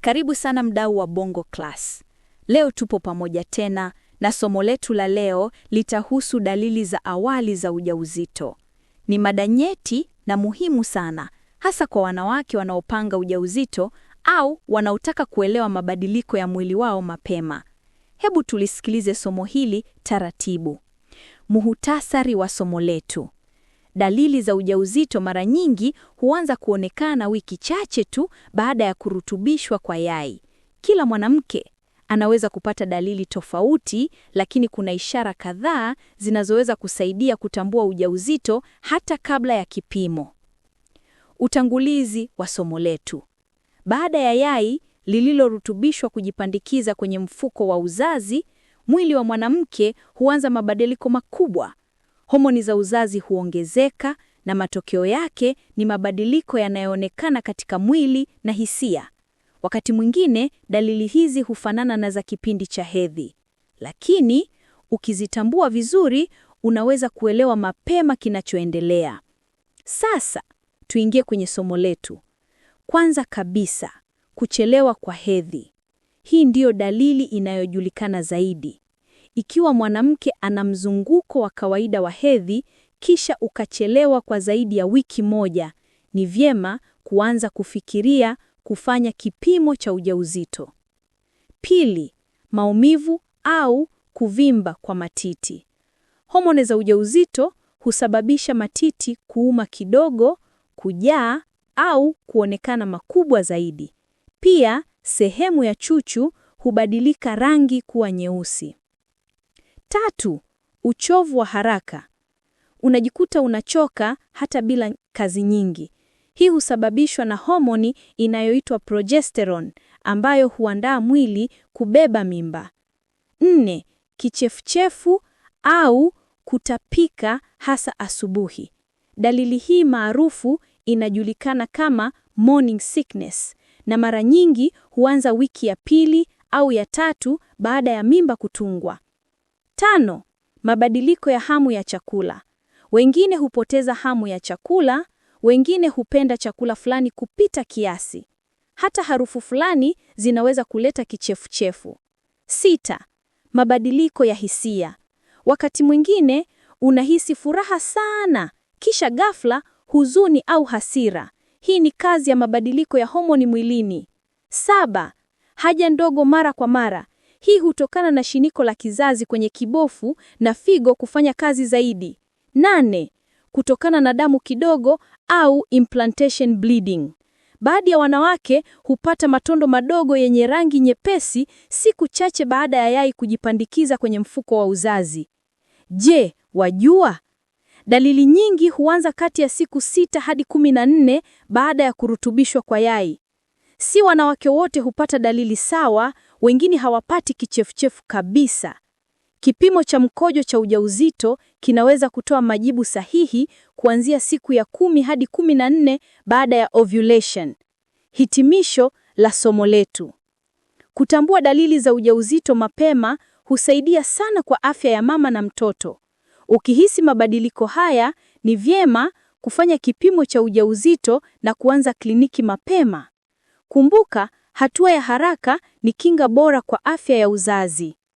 Karibu sana mdau wa Bongo Class. Leo tupo pamoja tena na somo letu la leo litahusu dalili za awali za ujauzito. Ni mada nyeti na muhimu sana, hasa kwa wanawake wanaopanga ujauzito au wanaotaka kuelewa mabadiliko ya mwili wao mapema. Hebu tulisikilize somo hili taratibu. Muhutasari wa somo letu. Dalili za ujauzito mara nyingi huanza kuonekana wiki chache tu baada ya kurutubishwa kwa yai. Kila mwanamke anaweza kupata dalili tofauti, lakini kuna ishara kadhaa zinazoweza kusaidia kutambua ujauzito hata kabla ya kipimo. Utangulizi wa somo letu. Baada ya yai lililorutubishwa kujipandikiza kwenye mfuko wa uzazi, mwili wa mwanamke huanza mabadiliko makubwa homoni za uzazi huongezeka na matokeo yake ni mabadiliko yanayoonekana katika mwili na hisia. Wakati mwingine dalili hizi hufanana na za kipindi cha hedhi, lakini ukizitambua vizuri unaweza kuelewa mapema kinachoendelea. Sasa tuingie kwenye somo letu. Kwanza kabisa, kuchelewa kwa hedhi. Hii ndiyo dalili inayojulikana zaidi. Ikiwa mwanamke ana mzunguko wa kawaida wa hedhi kisha ukachelewa kwa zaidi ya wiki moja, ni vyema kuanza kufikiria kufanya kipimo cha ujauzito. Pili, maumivu au kuvimba kwa matiti. Homoni za ujauzito husababisha matiti kuuma kidogo, kujaa au kuonekana makubwa zaidi. Pia, sehemu ya chuchu hubadilika rangi kuwa nyeusi. Tatu, uchovu wa haraka. Unajikuta unachoka hata bila kazi nyingi. Hii husababishwa na homoni inayoitwa progesterone ambayo huandaa mwili kubeba mimba. Nne, kichefuchefu au kutapika hasa asubuhi. Dalili hii maarufu inajulikana kama morning sickness na mara nyingi huanza wiki ya pili au ya tatu baada ya mimba kutungwa. Tano, mabadiliko ya hamu ya chakula. Wengine hupoteza hamu ya chakula, wengine hupenda chakula fulani kupita kiasi. Hata harufu fulani zinaweza kuleta kichefuchefu. Sita, mabadiliko ya hisia. Wakati mwingine unahisi furaha sana, kisha ghafla huzuni au hasira. Hii ni kazi ya mabadiliko ya homoni mwilini. Saba, haja ndogo mara kwa mara. Hii hutokana na shiniko la kizazi kwenye kibofu na figo kufanya kazi zaidi. Nane, kutokana na damu kidogo au implantation bleeding. Baadhi ya wanawake hupata matondo madogo yenye rangi nyepesi siku chache baada ya yai kujipandikiza kwenye mfuko wa uzazi. Je, wajua? Dalili nyingi huanza kati ya siku sita hadi kumi na nne baada ya kurutubishwa kwa yai. Si wanawake wote hupata dalili sawa, wengine hawapati kichefuchefu kabisa. Kipimo cha mkojo cha ujauzito kinaweza kutoa majibu sahihi kuanzia siku ya kumi hadi kumi na nne baada ya ovulation. Hitimisho la somo letu. Kutambua dalili za ujauzito mapema husaidia sana kwa afya ya mama na mtoto. Ukihisi mabadiliko haya, ni vyema kufanya kipimo cha ujauzito na kuanza kliniki mapema. Kumbuka, Hatua ya haraka ni kinga bora kwa afya ya uzazi.